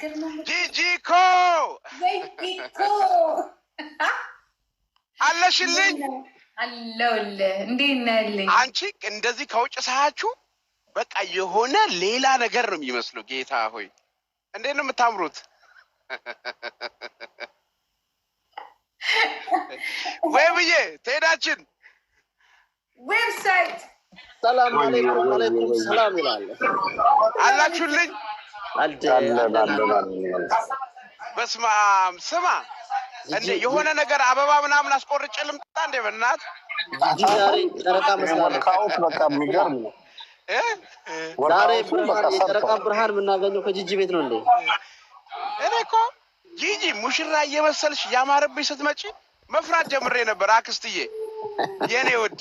ጂጂኮ አለሽልኝ አለሁልህ። እንዴት ነህ አንቺ እንደዚህ ከውጭ ሳያችሁ በቃ የሆነ ሌላ ነገር ነው የሚመስለው። ጌታ ሆይ እንዴት ነው የምታምሩት! ወይ ብዬ ትሄዳችን ዌብሳይት ሰላም አለይኩም አለይኩም ሰላም ይላል አላችሁልኝ በስመ አብ ስማ እንዴ የሆነ ነገር አበባ ምናምን አስቆርጬ ልምጣ እንዴ በእናት ዛሬ የጨረቃ ብርሃን የምናገኘው ከጂጂ ቤት ነው እንዴ እኔ እኮ ጂጂ ሙሽራ እየመሰልሽ ያማረብሽ ስትመጪ መፍራት ጀምሬ ነበር አክስትዬ የእኔ ውድ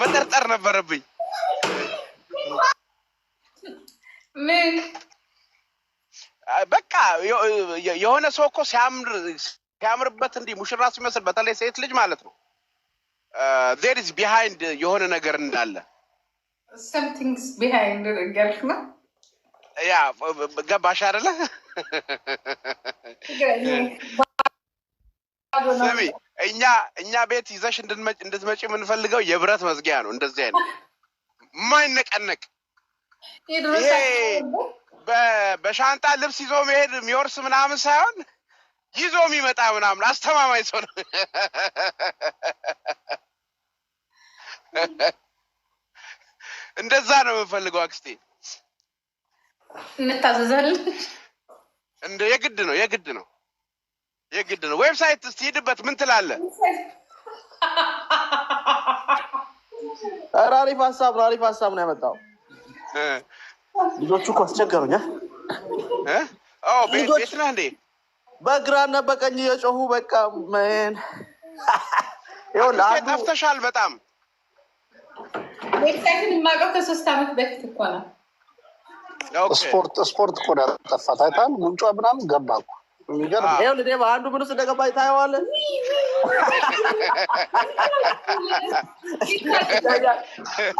መጠርጠር ነበረብኝ በቃ የሆነ ሰው እኮ ሲያምር ሲያምርበት እንዲህ ሙሽራ ሲመስል በተለይ ሴት ልጅ ማለት ነው ዜር ኢዝ ቢሃይንድ የሆነ ነገር እንዳለ ሰምቲንግስ ቢሃይንድ ነገርክ ነው ያ ገባሽ አይደለ? ስሚ እኛ እኛ ቤት ይዘሽ እንድትመጪ የምንፈልገው የብረት መዝጊያ ነው። እንደዚህ አይነት ማይነቀነቅ ይሄ በሻንጣ ልብስ ይዞ መሄድ የሚወርስ ምናምን ሳይሆን ይዞ የሚመጣ ምናምን አስተማማኝ ሰው ነው። እንደዛ ነው የምንፈልገው አክስቴ። እንታዘዛለን። እንደ የግድ ነው የግድ ነው የግድ ነው። ዌብሳይት እስቲ ሂድበት። ምን ትላለህ? ኧረ አሪፍ ሀሳብ ነው። አሪፍ ሀሳብ ነው ያመጣው ልጆቹ እኮ አስቸገሩኝ። ቤት ነህ እንዴ? በግራና በቀኝ የጮሁ በቃ ምን ጠፍተሻል? በጣም ቤተሰብን የማውቀው ከሶስት ዓመት በፊት እኮ ነው። ስፖርት እኮ ነው ያጠፋት። አይተሃል? ጉንጯ ምናምን ገባ እኮ አንዱ ምን ውስጥ እንደገባ ይታየዋል።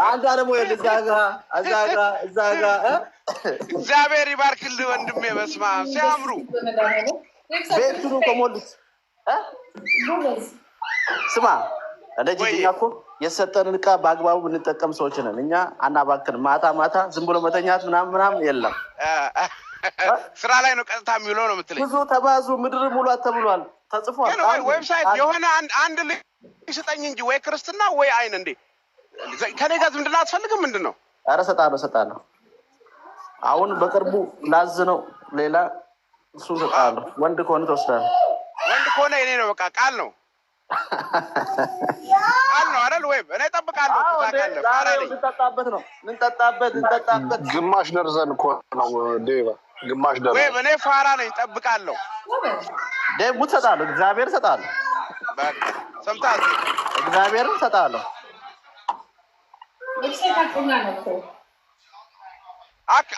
አንዷ ደግሞ እዛ ጋ እዛ ጋ እዛ ጋ እግዚአብሔር ይባርክልህ ወንድሜ። በስመ አብ ሲያምሩ ቤቱን ስማ እኛ እኮ በአግባቡ የምንጠቀም ሰዎች ነን። እኛ አናባክን። ማታ ማታ ዝም ብሎ መተኛት ምናምን ምናምን የለም ስራ ላይ ነው ቀጥታ የሚውለው ነው የምትለኝ። ብዙ ተባዙ ምድር ሙሏት ተብሏል ተጽፏል። ዌብሳይት የሆነ አንድ ልጅ ስጠኝ እንጂ ወይ ክርስትና ወይ አይን እንዴ ከኔ ጋር ዝምድና አትፈልግም? ምንድን ነው? ኧረ እሰጣለሁ እሰጣለሁ። አሁን በቅርቡ ላዝ ነው ሌላ እሱ እሰጣለሁ። ወንድ ከሆነ ትወስዳለህ። ወንድ ከሆነ የኔ ነው። በቃ ቃል ነው ቃል ነው አይደል? ወይም እኔ እጠብቃለሁ። ልንጠጣበት ነው ልንጠጣበት ልንጠጣበት ግማሽ ደርዘን እኮ ነው ዴባ ግማሽ ደ ወይ እኔ ፋራ ነኝ ጠብቃለሁ። ደሙ እሰጣለሁ፣ እግዚአብሔር እሰጣለሁ፣ ሰምታ እግዚአብሔር እሰጣለሁ።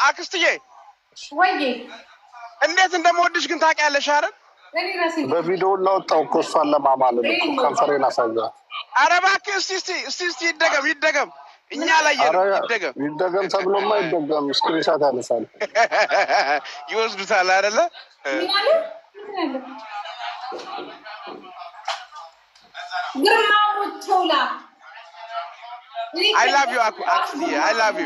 አክስትዬ ወይ እንዴት እንደምወድሽ ግን ታውቂያለሽ አይደል? በቪዲዮ ላወጣው እኮ እሷን ለማማለት ከንፈሬን አሳያ። ኧረ እባክህ እስቲ እስቲ እስቲ ይደገም ይደገም እኛ ላይ ይደገም ይደገም ተብሎማ ይደገም ስክሪንሻት ያነሳል ይወስዱታል አይደለ አይ ላቭ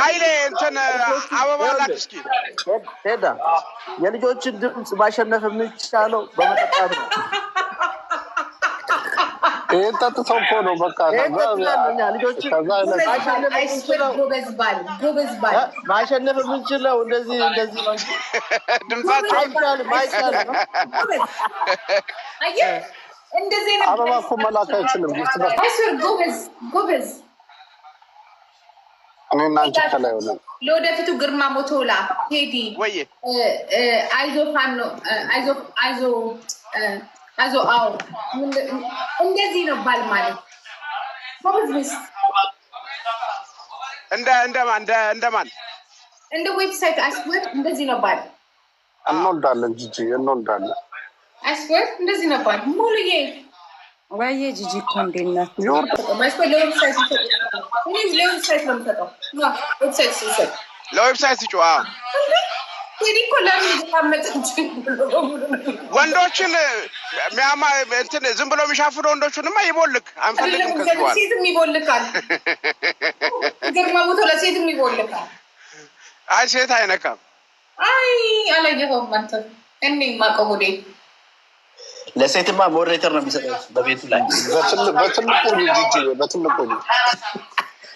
ኃይሌ እንትን አበባ ላክስኪ ሄዳ የልጆችን ድምፅ ማሸነፍ የምንቻለው በመጠጣት ነው። ይህን ጠጥተው እኮ ነው በቃ ማሸነፍ የምንችለው እንደዚህ እንደዚህ ድምጻቸው አበባ እኮ መላክ አይችልም። ጎበዝ ጎበዝ እናንተ ከላይ ሆነ ለወደፊቱ ግርማ ሞቶላ ቴዲ አይዞ ፋኖ አይዞ አይዞ አይዞ አዎ እንደዚህ ነው ባል ማለት እንደ እንደማን እንደማን እንደ ዌብሳይት አስወር እንደዚህ ነው ባል እንወልዳለን ጂጂ እንወልዳለን አስወር እንደዚህ ነው ባል ሙሉዬ ወይ ጂጂ እኮ እንዴት ናት? ለዌብሳይት ነው የምሰጠው። ለዌብሳይት ስጩ። ወንዶችን ሚያማ እንትን ዝም ብሎ የሚሻፍሩ ወንዶቹንማ ይቦልክ አንፈልግም። ከዝበዋል። ሴትም ይቦልካል። ግርማ ቦታ ለሴትም ይቦልካል። አይ ሴት አይነካም። አይ አላየኸውም አንተ እኔ የማውቀው ጉዴ ለሴትማ ሞዴሬተር ነው የሚሰጠው በቤቱ ላይ በትልቁ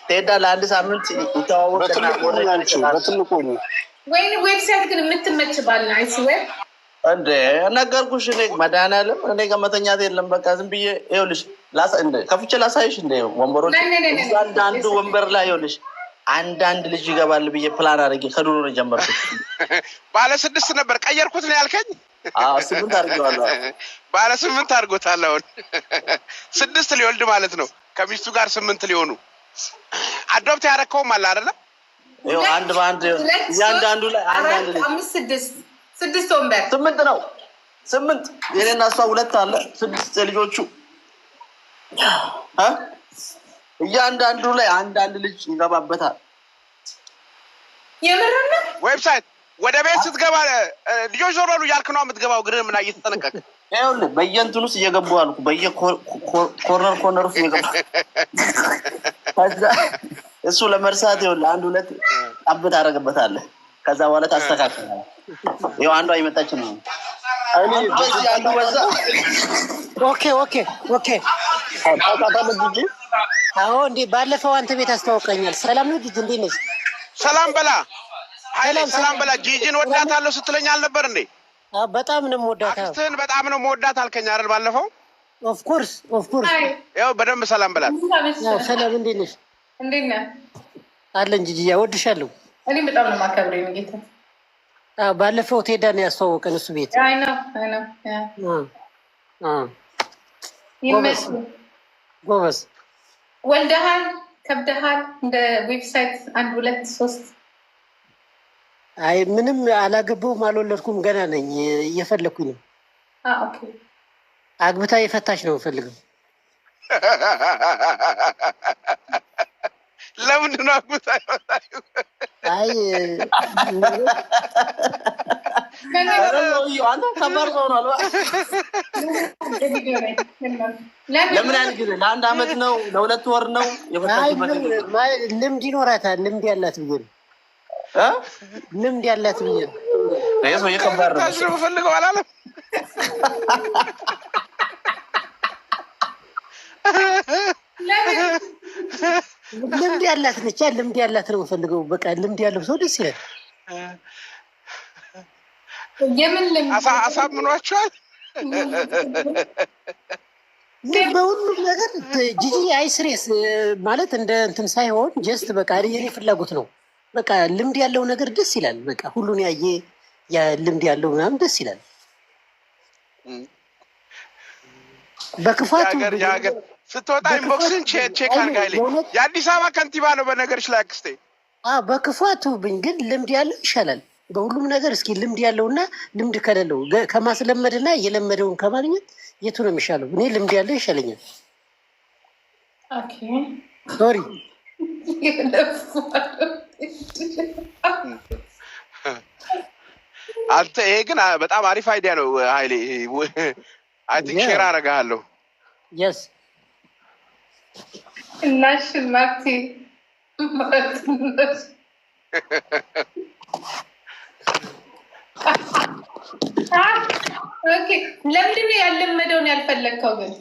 ቴዳ ለአንድ ሳምንት ይተዋወቅና በትልቁ ዌብሳይት ግን የምትመች ባልና አይስ እንደ ነገርኩሽ እኔ መድኃኒዓለም እኔ ጋር መተኛት የለም። በቃ ዝም ብዬ ይኸውልሽ ከፍቼ ላሳይሽ እንደ ወንበሮች አንዳንዱ ወንበር ላይ ይኸውልሽ አንዳንድ ልጅ ይገባል ብዬ ፕላን አድርጌ ከዱሮ ነው የጀመርኩት። ባለ ስድስት ነበር ቀየርኩት ነው ያልከኝ ስምንት አድርገዋለሁ። ባለ ስምንት አድርጎታል። አሁን ስድስት ሊወልድ ማለት ነው። ከሚስቱ ጋር ስምንት ሊሆኑ አዶብት ያደረግከውም አለ አይደለም? አንድ በአንድ እያንዳንዱ ላይ ወንበር ስምንት ነው። ስምንት የኔና እሷ ሁለት አለ ስድስት የልጆቹ እያንዳንዱ ላይ አንዳንድ ልጅ ይገባበታል። የምርነ ዌብሳይት ወደ ቤት ስትገባ ልጆች ዞር በሉ እያልክ ነው የምትገባው። እግርህን ምና እየተጠነቀቅ ይኸውልህ፣ በየእንትን ውስጥ እየገቡ አልኩ፣ በየኮርነር ኮርነር ውስጥ እየገቡ እሱ ለመርሳት ይኸውልህ፣ አንድ ሁለት ጠብ ታደርግበታለህ። ከዛ በኋላ ታስተካክላለህ። ይኸው አንዷ እየመጣች ነው። ኦኬ ኦኬ ኦኬ ባለፈው አንተ ቤት አስተዋውቀኛል። ሰላም ነው ጅጅ፣ እንዴት ነሽ? ሰላም በላ ኃይሌ ሰላም በላ ጂጂን ወዳታለሁ ስትለኝ አልነበር እንዴ? በጣም ነው የምወዳት። አክስትህን በጣም ነው የምወዳት አልከኝ አይደል? ባለፈው ኦፍኮርስ ኦፍኮርስ። ያው በደንብ ሰላም በላት። ሰላም እንዴት ነሽ? እንዴት ነህ? አለን ጂጂያ እወድሻለሁ። እኔ በጣም ነው የማከብረኝ ጌታ። ባለፈው ቴዳ ነው ያስተዋወቀን እሱ ቤት። አይ ነው አይ ነው ጎበዝ። ወልደሃል፣ ከብደሃል። እንደ ዌብሳይት አንድ ሁለት ሶስት አይ ምንም አላገባሁም፣ አልወለድኩም፣ ገና ነኝ። እየፈለግኩኝ ነው። አግብታ የፈታች ነው ፈልገው። ለምንድን ነው አግብታ የፈታች? አይ ለምን ያህል ጊዜ? ለአንድ አመት ነው? ለሁለት ወር ነው? ልምድ ይኖራታል። ልምድ ያላት ብዬ ነው ልምድ ያላት ብዬ ነው ፈልገው አላለም። ልምድ ያላት ነች። ልምድ ያላት ነው የምፈልገው። በቃ ልምድ ያለው ሰው ደስ ይላል። የምን ልምድ አሳምኗቸዋል። በሁሉም ነገር ጂጂ አይስሬስ ማለት እንደ እንትን ሳይሆን ጀስት በቃ የኔ ፍላጎት ነው በቃ ልምድ ያለው ነገር ደስ ይላል። በቃ ሁሉን ያየ ልምድ ያለው ምናምን ደስ ይላል። በክፋቱ ስትወጣ ኢንቦክስን ቼክ የአዲስ አበባ ከንቲባ ነው በነገሮች ላይ አክስቴ በክፋቱ ብኝ ግን ልምድ ያለው ይሻላል በሁሉም ነገር። እስኪ ልምድ ያለውና ልምድ ከሌለው ከማስለመድና የለመደውን ከማግኘት የቱ ነው የሚሻለው? እኔ ልምድ ያለው ይሻለኛል። ሶሪ አንተ ይሄ ግን በጣም አሪፍ አይዲያ ነው ሀይሌ። አይ ቲንክ ሼር አደርግሃለሁ። የስ እናሽ ለምንድን ነው ያለመደውን ያልፈለግከው ግን?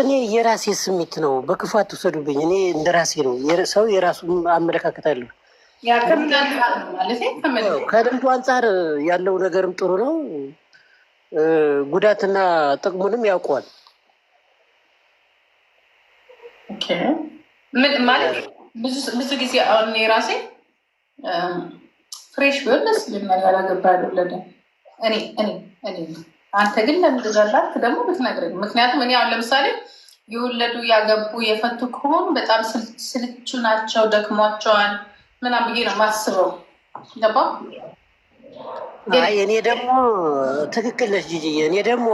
እኔ የራሴ ስሜት ነው። በክፉ አትውሰዱብኝ። እኔ እንደ ራሴ ነው። ሰው የራሱ አመለካከት አለሁ። ከልምዱ አንጻር ያለው ነገርም ጥሩ ነው። ጉዳትና ጥቅሙንም ያውቀዋል። ማለት ብዙ ጊዜ አሁን ራሴ ፍሬሽ ቢሆን ደስ ይለኛል። ያላገባ ያልወለደ እኔ እኔ እኔ አንተ ግን ለምድረላት ደግሞ ብትነግረኝ። ምክንያቱም እኔ አሁን ለምሳሌ የወለዱ ያገቡ የፈቱ ከሆኑ በጣም ስልቹ ናቸው፣ ደክሟቸዋል ምናምን ብዬ ነው ማስበው። ገባ? እኔ ደግሞ ትክክል ነች ጂጂ። እኔ ደግሞ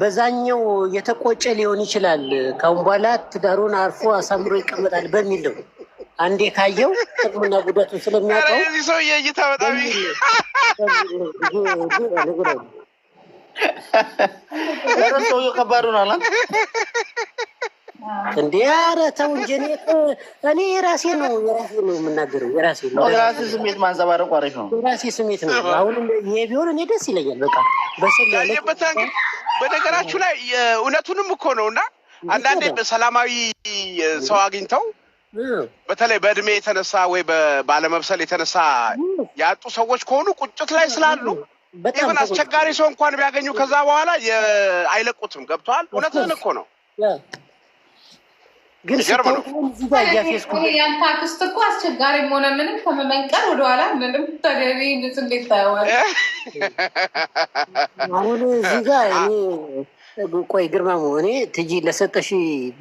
በዛኛው የተቆጨ ሊሆን ይችላል። ካሁን በኋላ ትዳሩን አርፎ አሳምሮ ይቀመጣል በሚል ነው አንዴ ካየው ጥቅምና ጉዳቱ ስለሚያውቀው ሰው የእይታ በጣም ኧረ ሰውዬው ከባድ ሆኗል። እንዴ! ኧረ ተው እንጂ እኔ የራሴ ነው የራሴ ነው የምናገረው የራሴ ነው። የራሴ ስሜት ማንጸባረቁ አሪፍ ነው። የራሴ ስሜት ነው። አሁን ይሄ ቢሆን እኔ ደስ ይለኛል። በቃ በሰል በነገራችሁ ላይ እውነቱንም እኮ ነው እና አንዳንዴ በሰላማዊ ሰው አግኝተው በተለይ በእድሜ የተነሳ ወይ ባለመብሰል የተነሳ ያጡ ሰዎች ከሆኑ ቁጭት ላይ ስላሉ ይሁን አስቸጋሪ ሰው እንኳን ቢያገኙ ከዛ በኋላ አይለቁትም። ገብተዋል። እውነትህን እኮ ነው። ግን ያንተ አክስት እኮ አስቸጋሪ ሆነ ምንም ከመመንቀር ወደኋላ ምንም ተገቢ እንዴት ታየዋለህ? አሁን እዚህ ጋር ቆይ ግርማ መሆኔ ትጂ ለሰጠሽ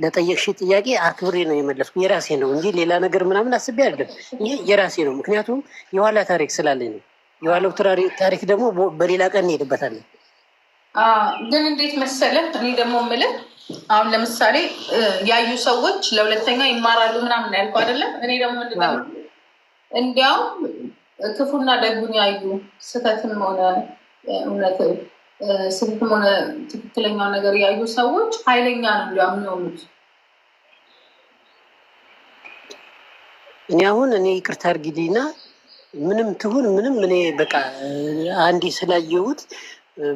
ለጠየቅሽ ጥያቄ አክብሬ ነው የመለስኩ። የራሴ ነው እንጂ ሌላ ነገር ምናምን አስቤ አይደለም። ይህ የራሴ ነው፣ ምክንያቱም የኋላ ታሪክ ስላለኝ ነው። የዋለው ታሪክ ደግሞ በሌላ ቀን እንሄድበታለን። ግን እንዴት መሰለህ፣ እኔ ደግሞ የምልህ አሁን ለምሳሌ ያዩ ሰዎች ለሁለተኛ ይማራሉ ምናምን ያልኩ አይደለም። እኔ ደግሞ ምንድነው እንዲያውም ክፉና ደጉን ያዩ ስህተትም ሆነ እውነት ስህተትም ሆነ ትክክለኛው ነገር ያዩ ሰዎች ኃይለኛ ነው እንዲያውም የሚሆኑት። እኔ አሁን እኔ ይቅርታ አድርጊልኝና ምንም ትሁን ምንም እኔ በቃ አንዴ ስላየሁት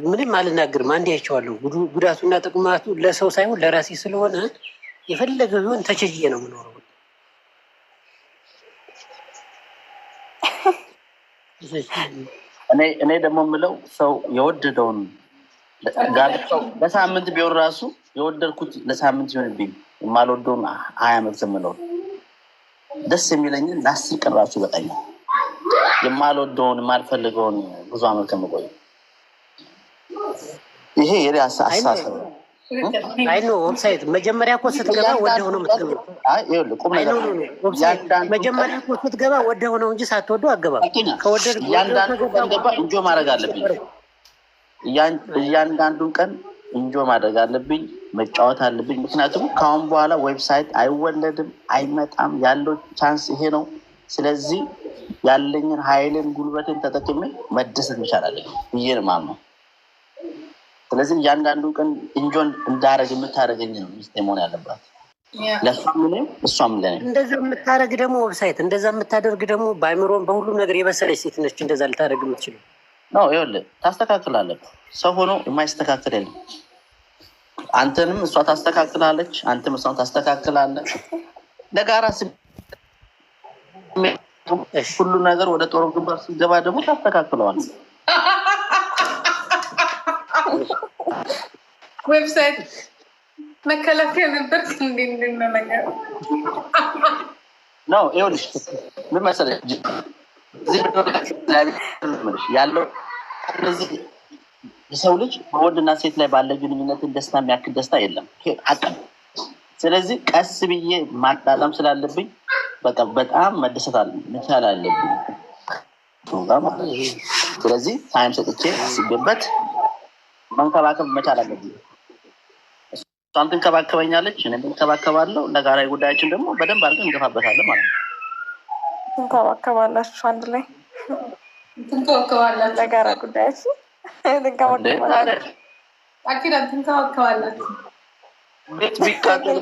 ምንም አልናገርም። አንዴ አይቼዋለሁ። ጉዳቱና ጥቅማቱ ለሰው ሳይሆን ለራሴ ስለሆነ የፈለገ ቢሆን ተችዬ ነው የምኖረው። እኔ ደግሞ የምለው ሰው የወደደውን ለሳምንት ቢሆን ራሱ የወደድኩት ለሳምንት ይሆንብኝ የማልወደውን ሀያ ዓመት ደስ የሚለኝን ለአስር ቀን ራሱ ይበቃኛል። የማልወደውን የማልፈልገውን ብዙ አመት ከምቆይ ይሄ የኔ አሳሰብ መጀመሪያ እኮ ስትገባ ወደው ነው የምትገባው። እኮ ስትገባ እንጂ አገባ እንጆ ማድረግ አለብኝ። እያንዳንዱን ቀን እንጆ ማድረግ አለብኝ፣ መጫወት አለብኝ። ምክንያቱም ከአሁን በኋላ ዌብሳይት አይወለድም አይመጣም፣ ያለው ቻንስ ይሄ ነው። ስለዚህ ያለኝን ኃይልን ጉልበትን ተጠቅሜ መደሰት ይቻላለኝ ብዬ ማም ነው። ስለዚህ እያንዳንዱ ቀን እንጆን እንዳረግ የምታደረገኝ ነው ሚስቴ መሆን ያለባት ለእሷም እኔም እሷም ለእኔ። እንደዛ የምታደረግ ደግሞ ወብሳይት እንደዛ የምታደርግ ደግሞ በአይምሮን በሁሉም ነገር የበሰለች ሴት ነች። እንደዛ ልታደረግ የምትችለው ነው። ይወል ታስተካክላለን። ሰው ሆኖ የማይስተካክል የለም። አንተንም እሷ ታስተካክላለች፣ አንተም እሷን ታስተካክላለህ። ለጋራ ስሜ ሁሉ ነገር ወደ ጦር ግንባር ሲገባ ደግሞ ታስተካክለዋል። ዌብሳይት መከላከያ ነበር ነገር ነው። ይኸውልሽ ምን መሰለሽ ያለው እነዚህ የሰው ልጅ በወንድና ሴት ላይ ባለ ግንኙነትን ደስታ የሚያክል ደስታ የለም። ስለዚህ ቀስ ብዬ ማጣጣም ስላለብኝ በቃ በጣም መደሰት መቻል አለብኝ። ስለዚህ ታይም ሰጥቼ አስቤበት መንከባከብ መቻል አለብኝ። እሷን ትንከባከበኛለች፣ እኔም እንከባከባለሁ። ለጋራዊ ጉዳያችን ደግሞ በደንብ አድርገን እንገፋበታለን ማለት ነው። ትንከባከባላችሁ፣ አንድ ላይ ትንከባከባላችሁ፣ ለጋራ ጉዳያችን ትንከባከባላችሁ፣ ትንከባከባላችሁ ቤት ቢቃጠል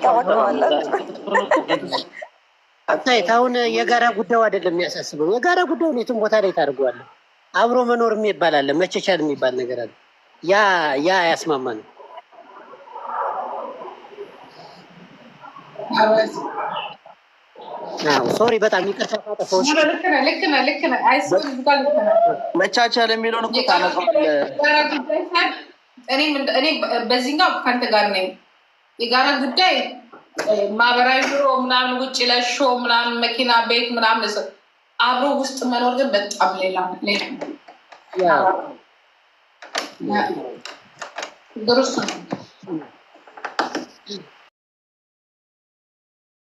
አብታይት አሁን የጋራ ጉዳዩ አይደለም የሚያሳስበው። የጋራ ጉዳዩ የትም ቦታ ላይ ታደርገዋለ። አብሮ መኖር የሚባል አለ፣ መቻቻል የሚባል ነገር አለ። ያ ያ ያስማማ ነው። ሶሪ በጣም ይቅርታ። መቻቻል የሚለውን እኮ እኔ በዚህኛው ከአንተ ጋር ነኝ። የጋራ ጉዳይ ማህበራዊ ኑሮ ምናምን ውጭ ለሾ ምናምን መኪና ቤት ምናምን አብሮ ውስጥ መኖር ግን በጣም ሌላ ሌላ ችግር ነው።